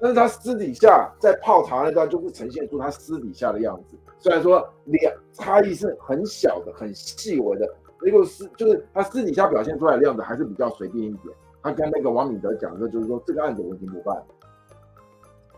但是他私底下在泡茶那段，就會呈現出他私底下的樣子。雖然說那個差異是很小的、很細微的，那個就是他私底下表現出來的樣子還是比較隨便一點。他跟那個王敏德講說，就是說這個案子我已經不辦了，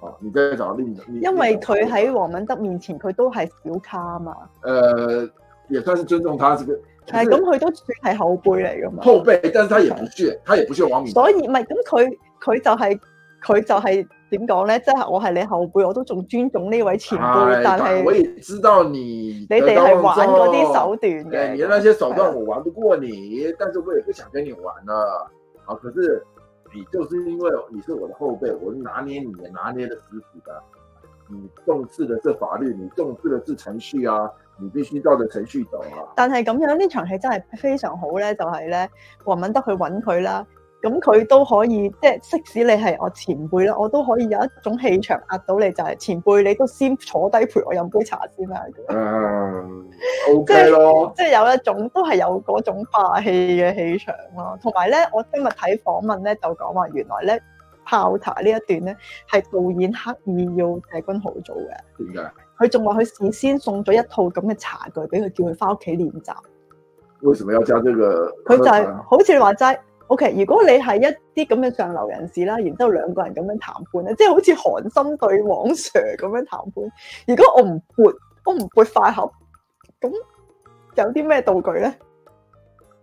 啊，你再找另一個。因為佢喺王敏德面前，佢都係小咖嘛。呃，也算是尊重他，是不是？係咁，佢都算係後輩嚟噶嘛。後輩，但是他也不屑，他也不屑王敏德。所以唔係咁，佢佢就係、是、佢就係、是。點講咧，即係我係你後輩，我都仲尊重呢位前輩。但係我也知道你你哋係玩嗰啲手段嘅。你那些手段我玩不過你，但是我也不想跟你玩啦，啊。好，可是你就是因為你是我的後輩，我拿捏你，拿捏得死死嘅。你重視的是法律，你重視的是程序啊，你必須照着程序走啊。但係咁樣呢場戲真係非常好咧，就係、是、咧，黃敏德去揾佢啦。咁佢都可以，即係即使你係我前輩啦，我都可以有一種氣場壓到你，就係、是、前輩你都先坐低陪我飲杯茶先啦！OK 咯，um, okay、即係有一種都係有嗰種霸氣嘅氣場咯。同埋咧，我今日睇訪問咧就講話，原來咧泡茶呢一段咧係導演刻意要謝君豪做嘅。點解？佢仲話佢事先送咗一套咁嘅茶具俾佢，他叫佢翻屋企練習。為什麼要加呢、這個？佢就係好似你話齋。O、okay, K，如果你係一啲咁嘅上流人士啦，然之後兩個人咁樣談判咧，即係好似寒心對王 Sir 咁樣談判。如果我唔撥，我唔撥快口，咁有啲咩道具咧？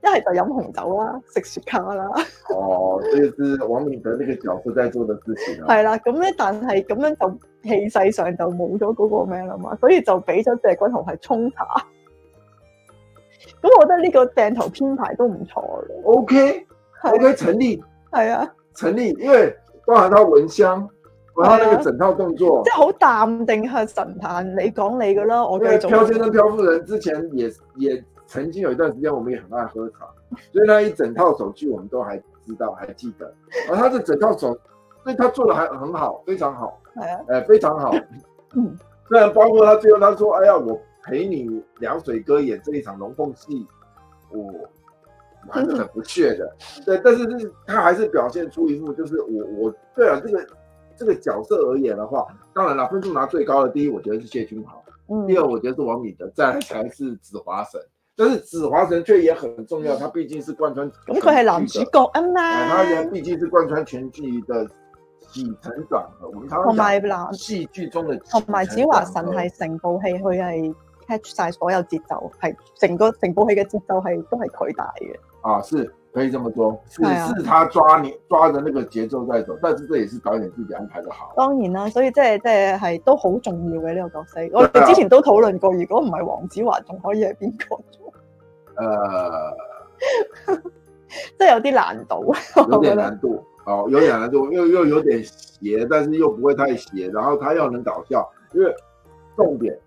一係就飲紅酒啦，食雪糕雪茄啦。哦，呢 個王敏德呢個角色在做的事情啊。係啦，咁咧，但係咁樣就氣勢上就冇咗嗰個咩啦嘛，所以就俾咗謝君豪係沖茶。咁我覺得呢個鏡頭編排都唔錯嘅。O、哦、K。Okay? O K. 成立，是啊，成立，因為包含他聞香，和、啊、他那個整套動作，啊、即好淡定和神壇，你講你的咯，我可以。因為飄先生、飄夫人之前也也曾經有一段時間，我們也很愛喝茶，所以那一整套手具我們都還知道， 還記得。而他的整套手，所以他做的還很好，非常好，誒、啊呃，非常好， 嗯，雖然包括他最後他說，哎呀，我陪你涼水哥演這一場龍鳳戲，我、哦。 很不屑的，對，但是佢，佢還是表現出一副，就是我我對啊，這個這個角色而言的話，當然啦，分數拿最高的第一，我覺得是謝君豪，第二我覺得是王敏德，再嚟才是子華神。但是子華神卻也很重要，他畢竟是貫穿，咁佢係男主角啊嘛，佢係畢竟是貫穿全劇的起承轉合。同埋戲劇中的，同埋子華神係成部戲佢係 catch 晒所有節奏，係成個成部戲嘅節奏係都係佢帶嘅。啊，是可以這麼說，只是,是他抓你抓着那個節奏在走，但是這也是導演自己安排的好。當然啦，所以即係即係係都好重要嘅呢、這個角色。啊、我哋之前都討論過，如果唔係黃子華，仲可以係邊個？呃，即 係有啲難度，有點難度，哦， 有點難度，又又有點邪，但是又不會太邪，然後他又能搞笑，因為重點。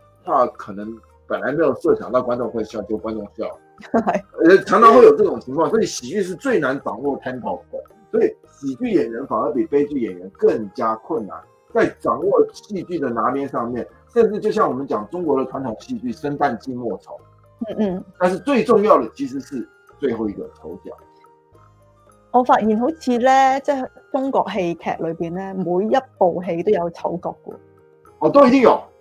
可能本來沒有設想到觀眾會笑，就觀眾笑，， 常常會有這種情況。所以喜劇是最難掌握 tempo 嘅，所以喜劇演員反而比悲劇演員更加困難，在掌握戲劇的拿捏上面，甚至就像我們講中國的傳統戲劇，生旦淨末丑， 嗯嗯，但是最重要的其實是最後一個丑角。我發現好似呢，即係中國戲劇裏邊呢，每一部戲都有丑角嘅， 哦，都一定有。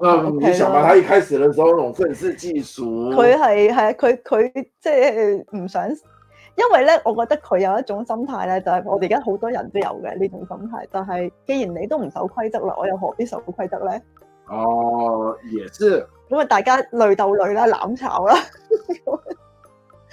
嗯、okay，你想嘛？他一開始嘅時候，種憤世嫉俗。佢係係佢佢即係唔想，因為咧，我覺得佢有一種心態咧，就係、是、我哋而家好多人都有嘅呢種心態。但係既然你都唔守規則啦，我又何必守規則咧？哦，也係！咁啊，大家累鬥累啦，攬炒啦。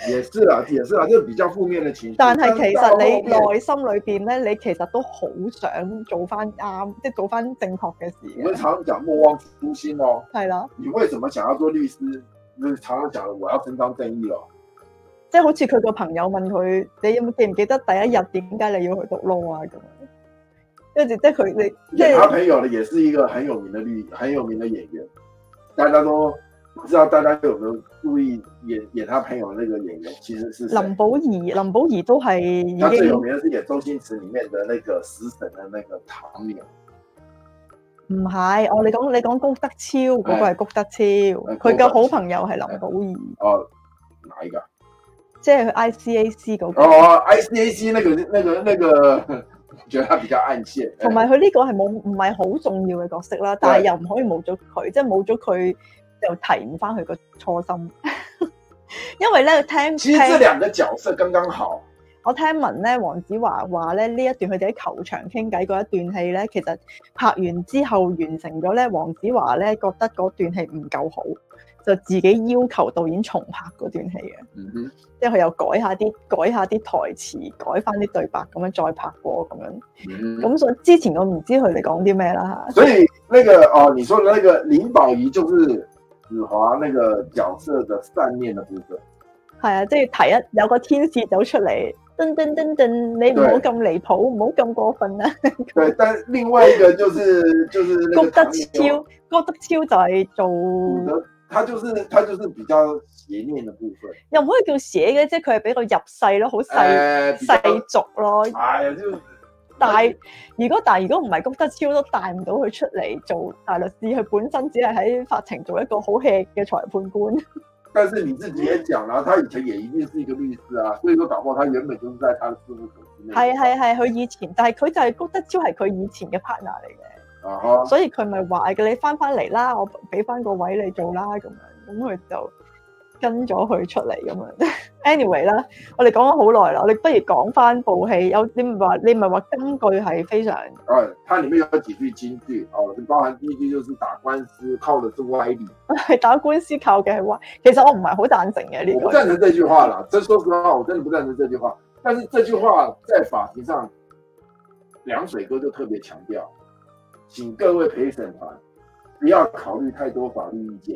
也是啊，也是啊，就比較負面的情緒。但係其實你內心裏邊咧、嗯，你其實都好想做翻啱，即係做翻正確嘅事的。我們常常講莫忘初心咯、哦。係啦、啊。你為什麼想要做律師？你、就是、常常講，我要伸張正義咯、哦。即、就、係、是、好似佢個朋友問佢：你有冇記唔記得第一日點解你要去讀 law 啊？咁、就是，即係即係佢你。佢、就是、朋友咧，也是一個很有名嘅律，很有名嘅演員，大家都。唔知道大家有冇注意演演他朋友那個演員，其實是林保怡。林保怡都係，他最有名係演周星馳裡面嘅那個食神嘅那個唐牛。唔係，我、哦、你講你講谷德昭，嗰、那個係谷德昭，佢、哎、嘅好朋友係林保怡、哎。哦，哪一個？即係佢 ICAC 嗰個。哦，ICAC 那個那個那個，覺得他比較暗線。同埋佢呢個係冇唔係好重要嘅角色啦，哎、但係又唔可以冇咗佢，即係冇咗佢。就提唔翻佢個初心， 因為咧聽。其實，兩個角色剛剛好。我聽聞咧，黃子華話咧呢一段佢哋喺球場傾偈嗰一段戲咧，其實拍完之後完成咗咧，黃子華咧覺得嗰段戲唔夠好，就自己要求導演重拍嗰段戲嘅。嗯哼，即係佢又改下啲改下啲台詞，改翻啲對白咁樣再拍過咁樣。咁、mm -hmm. 所以之前我唔知佢哋講啲咩啦嚇。所以、那個，呢個哦，你講嘅那個林保怡就是。子華那個角色的善念的部分，係啊，即係睇一有個天使走出嚟，噔噔噔噔，你唔好咁離譜，唔好咁過分啦、啊。 對，但另外一個就是就是郭 德超，郭德超就係做，佢就是他、就是、他就是比較邪念嘅部分，又唔可以叫邪嘅，即係佢係比較入世咯，好細細俗咯。欸但係，但如果但係如果唔係谷德超都帶唔到佢出嚟做大律師，佢本身只係喺法庭做一個好戲嘅裁判官。但是你自己也講啦，他以前也一定是一個律師啊，所以講話佢原本就是在他的事務所之內。係係係，佢以前，但係佢就係、是、谷德超係佢以前嘅 partner 嚟嘅，uh -huh. 所以佢咪話叫你翻返嚟啦，我俾翻個位你做啦咁樣，咁佢就。跟咗佢出嚟咁樣，anyway 啦，我哋講咗好耐啦，我哋不如講翻部戲。有你唔話，你唔係話根據係非常。係，它裡面有幾句金句哦，包含第一句就是打官司靠的是歪理。係打官司靠嘅係歪，其實我唔係好贊成嘅你、這個。我唔贊成這句話啦，真說實話，我真的唔贊成這句話。但是這句話在法庭上，涼水哥就特別強調：請各位陪審團不要考慮太多法律意見。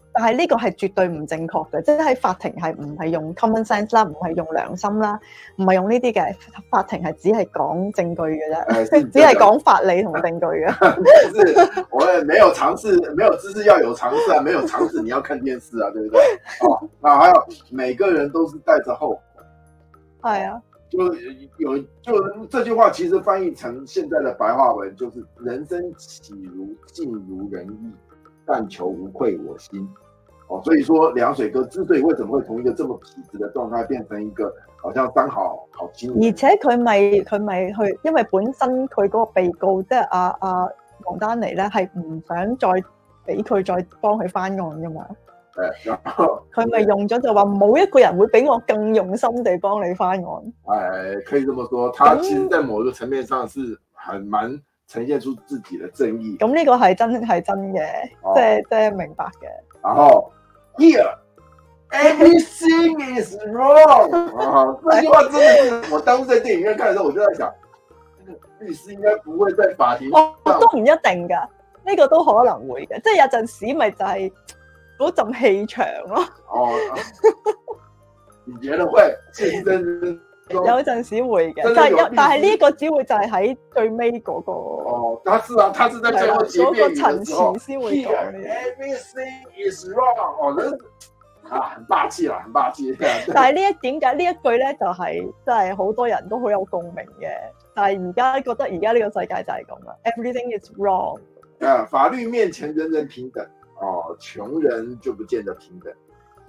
但係呢個係絕對唔正確嘅，即係喺法庭係唔係用 common sense 啦，唔係用良心啦，唔係用呢啲嘅，法庭係只係講證據嘅啫，只係講法理同證據嘅、啊。 我沒有常識，沒有常識要有常識啊！沒有常識你要看電視啊，對不對？啊，還、啊、有每個人都是帶着後果。係啊，就有就這句話其實翻譯成現在的白話文，就是人生豈如盡如人意，但求無愧我心。所以說涼水哥之所以為什麼會從一個這麼痞子的狀態變成一個好像當好好精英？而且佢咪佢咪去，因為本身佢嗰個被告即係阿阿王丹妮咧，係唔想再俾佢再幫佢翻案噶嘛。誒、哎，佢咪用咗就話冇、哎、一個人會比我更用心地幫你翻案。誒、哎，可以這麼說，他其實在某個層面上係很難呈現出自己嘅正義。咁、嗯、呢個係真係真嘅，即係即係明白嘅。哦。Here,yeah, everything is wrong。 啊，這句話真的我當時在電影院看的時候，我就在想，這個、律師應該不會在法庭。哦，都唔一定㗎，呢個都可能會嘅，即係有陣時咪就係嗰陣氣場咯。哦，你覺得會，真的有陣時會嘅，但係有，但係呢個只會就係喺最尾嗰、那個。哦，他知啊，他知在最後幾秒嗰個。陳詞先會講呢？Everything is wrong，我覺得，很霸氣啦，很霸氣。 但係呢一點解呢一句咧，就係、是、真係好多人都好有共鳴嘅。但係而家覺得而家呢個世界就係咁啦。Everything is wrong，啊。誒，法律面前人人平等。哦，窮人就唔見得平等。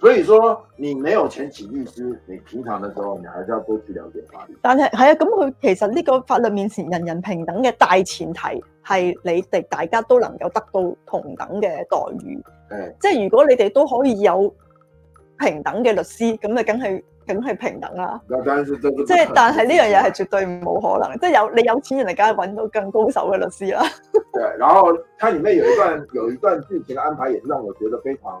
所以說你沒有錢請律師，你平常的時候你還是要多去了解法律。但係係啊，咁佢其實呢個法律面前人人平等嘅，大前提係你哋大家都能夠得到同等嘅待遇。即係如果你哋都可以有平等嘅律師，咁就梗係梗係平等啦。但即係，但係呢樣嘢係絕對冇可能。即係有你有錢人嚟，梗係搵到更高手嘅律師啦。對，然後佢裏面有一段 有一段劇情嘅安排，也讓我覺得非常。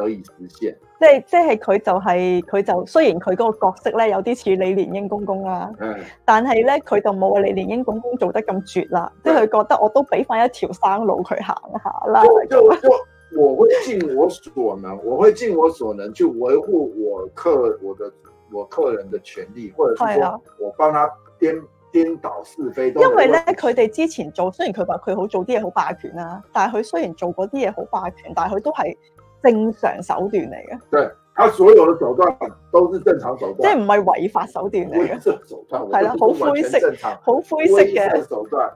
可以實現，即係即係佢就係、是、佢就雖然佢嗰個角色咧有啲似李連英公公啦、啊嗯，但係咧佢就冇李連英公公做得咁絕啦，即係佢覺得我都俾翻一條生路佢行下啦。就就，就 我會盡我所能，我會盡我所能去維護我客我的我客人嘅權利，或者係我我幫他顛顛倒是非。是為因為咧佢哋之前做，雖然佢話佢好做啲嘢好霸權啦、啊，但係佢雖然做嗰啲嘢好霸權，但係佢都係。正常手段嚟嘅，對，佢所有嘅手段都是正常手段，即係唔係違法手段嚟嘅。手段係啦，好灰色，好灰色嘅，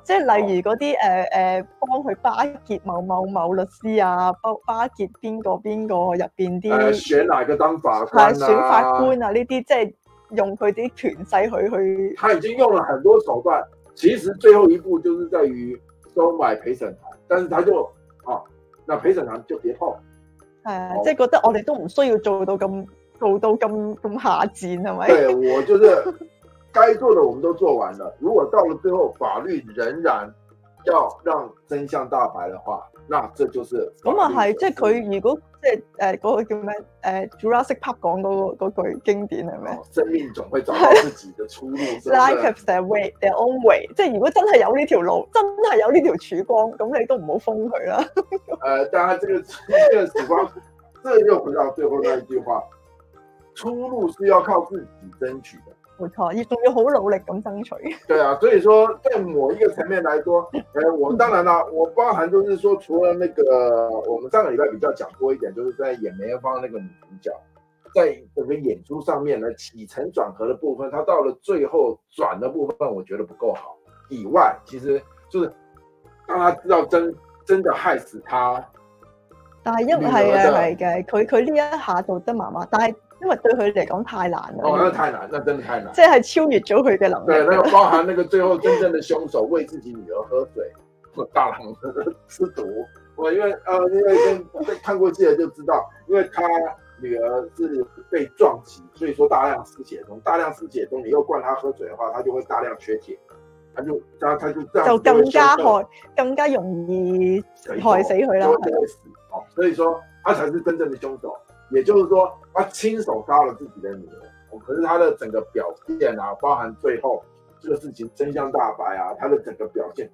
即係例如嗰啲誒誒，幫、哦、佢、呃、巴結某某某某律師啊，巴結邊個邊個入邊啲選哪個當法官啊，選法官啊呢啲，即係用佢啲權勢去去。他已經用咗很多手段，其實最後一步就是在於收買陪審團，但是他就啊，那陪審團就別套。係啊，即、就、係、是、覺得我哋都唔需要做到咁做到咁咁下賤係咪？對，我就是該做的，我們都做完了。如果到了最後，法律仍然，.要讓真相大白的話，那這就是咁啊，係即係佢如果即係誒嗰個叫咩誒、呃，Jurassic Park 講嗰、那個句、那個、經典係咩？生命總會找到自己的出路。 Life has their way, their own way、嗯。即係如果真係有呢條路，真係有呢條曙光，咁你都唔好封佢啦。誒、 呃，但係這個一線曙光，這又、個這個、回到最後那一句話，出路是要靠自己爭取。冇錯，要仲要好努力咁爭取。對啊，所以說，在某一個層面來說，誒、 欸，我當然啦、啊，我包含就是說，除了那個，我們上個禮拜比較講多一點，就是在演梅艷芳那個女主角，在整個演出上面呢，起承轉合的部分，他到了最後轉的部分，我覺得不夠好。以外，其實就是讓他知道真真的害死她，但係因為，係啊係嘅，佢佢呢一下就得麻麻，但係。因為對佢嚟講太難了，哦，那太難，那真的太難了。即係超越咗佢嘅能力。對，又包含那個最後真正的凶手為自己女兒喝水，大量吃毒。我因為，呃，因為跟看過戲嘅就知道，因為他女兒是被撞擊，所以說大量失血，大量失血中，你又灌他喝水的話，他就會大量缺鐵，他就，咁，他就這樣就，就更加害，更加容易害死佢啦。就哦，所以說，他才是真正的凶手。也就是說，他、啊、親手殺了自己的女兒。可是他的整個表現啊，包含最後這個事情真相大白啊，他的整個表現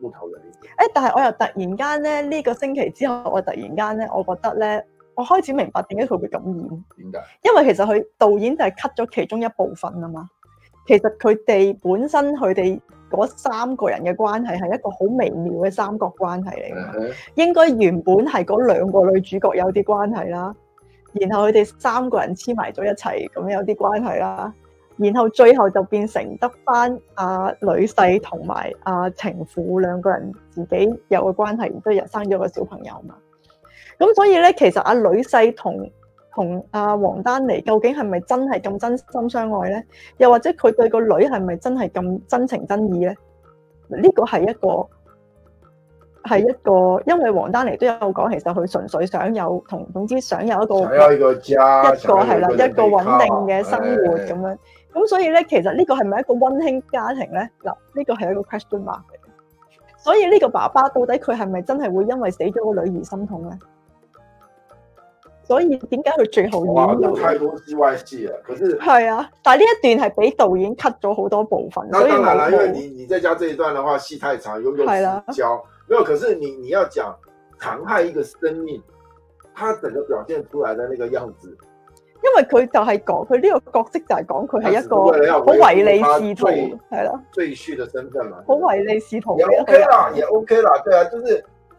不投入啲。誒、欸，但係我又突然間咧，呢、這個星期之後，我突然間咧，我覺得咧，我開始明白點解佢會咁演。點解？因為其實佢導演就係 cut 咗其中一部分啊嘛。其實佢哋本身佢哋。嗰三個人嘅關係係一個好微妙嘅三角關係嚟嘅，應該原本係嗰兩個女主角有啲關係啦，然後佢哋三個人黐埋咗一齊，咁有啲關係啦，然後最後就變成得返阿女婿同埋阿情婦兩個人自己有個關係，都又生咗個小朋友嘛。咁所以咧，其實阿女婿同同阿王丹妮究竟係咪真係咁真心相愛咧？又或者佢對個女係咪真係咁真情真意咧？呢個係一個係一個，因為王丹妮都有講，其實佢純粹想有同，總之想有一個一個一個係啦，一個穩定嘅生活咁樣。咁所以咧，其實呢個係咪一個溫馨家庭咧？嗱，呢個係一個 question mark 嚟。所以呢個爸爸到底佢係咪真係會因為死咗個女而心痛咧？所以點解佢最後演有太多意外戲啊！可是係啊，但係呢一段係俾導演 cut 咗好多部分。所以，當然啦，因為你你再加呢一段嘅話，戲太長，又用紙膠。快因沒可是你你要講殘害一個生命，他整個表現出來嘅那個樣子。因為佢就係講佢呢個角色就係講佢係一個好唯利是圖，係咯？贅婿嘅身份嘛，好唯利是圖。是啊、也 OK 啦，也 OK 啦，對啊，就是。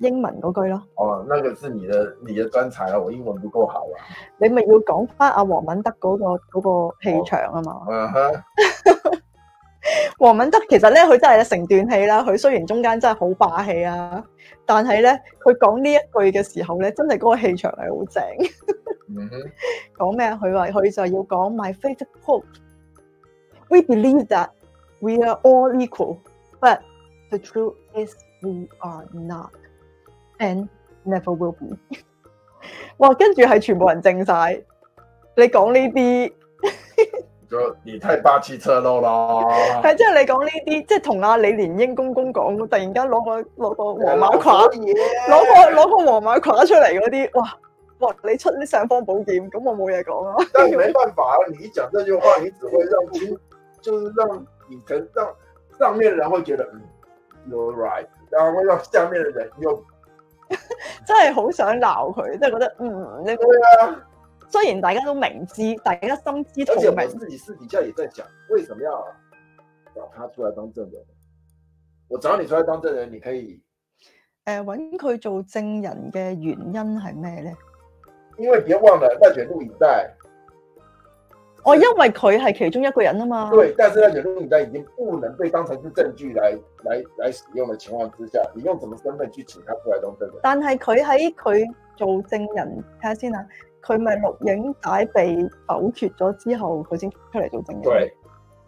英文嗰句咯，哦，那個是你的你的專才啦。我英文唔夠好啊，你咪要講翻阿王敏德嗰個嗰個氣場啊嘛。啊哈，王敏德其實咧，佢真係成段戲啦。佢雖然中間真係好霸氣啊，但係咧佢講呢一句嘅時候咧，真係嗰個氣場係好正。講咩啊？佢話佢就係要講 my Facebook。We believe that we are all equal, but the truth is we are not. And never will be。哇，跟住係全部人靜晒。你講呢啲，就你太霸氣側漏啦。係即係你講呢啲，即係同阿李連英公公講，突然間攞個攞個黃馬褂，攞個攞個黃馬褂出嚟嗰啲，哇哇！你出啲上方寶劍，咁我冇嘢講但係冇辦法 你講這句話，你只會讓 就是讓上上面人會覺得嗯，you're right，然後讓下面嘅人用。 真係好想鬧佢，真係覺得嗯，你啊，雖然大家都明知，大家心知肚明。自己私底下也在講，為什麼要找他出來當證人？我找你出來當證人，你可以誒，揾、呃、佢做證人嘅原因係咩咧？因為別忘了，那卷錄影帶。哦，因為佢係其中一個人啊嘛。對，但是呢個錄影帶已經不能被當成是證據來，來，來使用的情況之下，你用什麼身份去請他出嚟當證人？但係佢喺佢做證人，睇下先啊，佢咪錄影帶被否決咗之後，佢先出嚟做證人。對，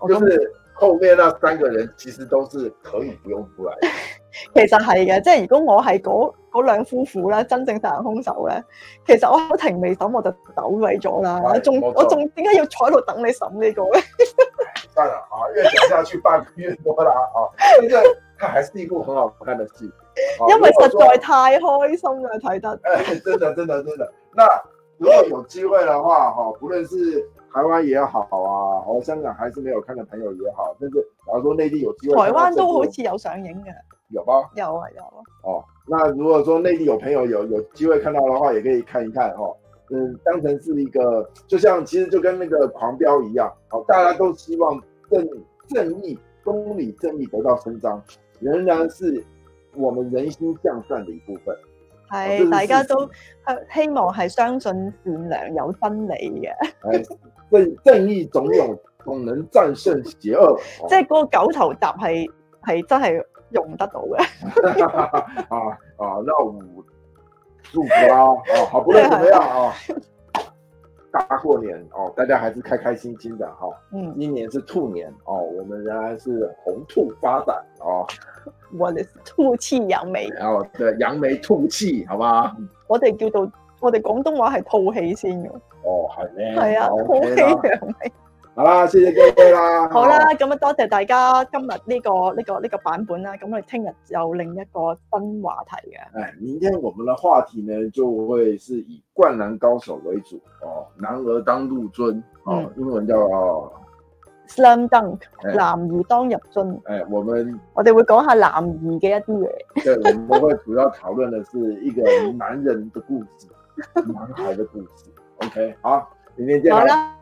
就是後面那三個人其實都是可以不用出嚟。 其實係嘅，即係如果我係嗰兩夫婦咧，真正殺人凶手咧，其實我喺庭未審我就走鬼咗啦，我仲我仲點解要坐喺度等你審呢個咧？ 算啦，啊，越想下去半個月多啦，啊，呢個，但是還是一部很好看的戲，啊，因為實在太開心啦，睇得、啊，誒、哎，真的真的真的，真的 那如果有機會嘅話，哈，無論是台灣也好啊，香港還是沒有看嘅朋友也好，甚至假如說內地有機會，台灣都好似有上映嘅。有吧？有啊，有啊。哦，那如果說內地有朋友有有機會看到的話，也可以看一看哦。嗯，當成是一個，就像其實就跟那個狂飆一樣，好、哦、大家都希望正正義、公理、正義得到伸張，仍然是我們人心向善的一部分。係、哦，大家都希望係相信善良有真理嘅。係、 哎，正正義總有總能戰勝邪惡、哦。即係嗰個狗頭鍘係係真係。用得到嘅，啊啊，那我祝福啦，好，不論點樣啊，大過年哦，大家還是開開心心的哈，嗯，今年是兔年哦，我們仍然是紅兔發展、啊、 哦，我哋兔氣揚眉，然後揚眉吐氣，好吧？我哋叫做我哋廣東話係吐氣先嘅，哦係咩？係啊，吐氣揚眉。 好啦，謝謝各位啦。好啦，咁啊，多謝大家今日呢、這個呢、這個呢、這個這個版本啦。咁、嗯、我哋聽日有另一個新話題嘅。誒，明天我們嘅話題呢就會是以灌籃高手為主哦，男兒當入樽哦、嗯，英文叫 slam dunk、欸、男兒當入樽。誒、欸欸，我們我哋會講下男兒嘅一啲嘢。對，我們會主要討論嘅是一個男人的故事， 男孩的故事。OK，好，明天見。好啦。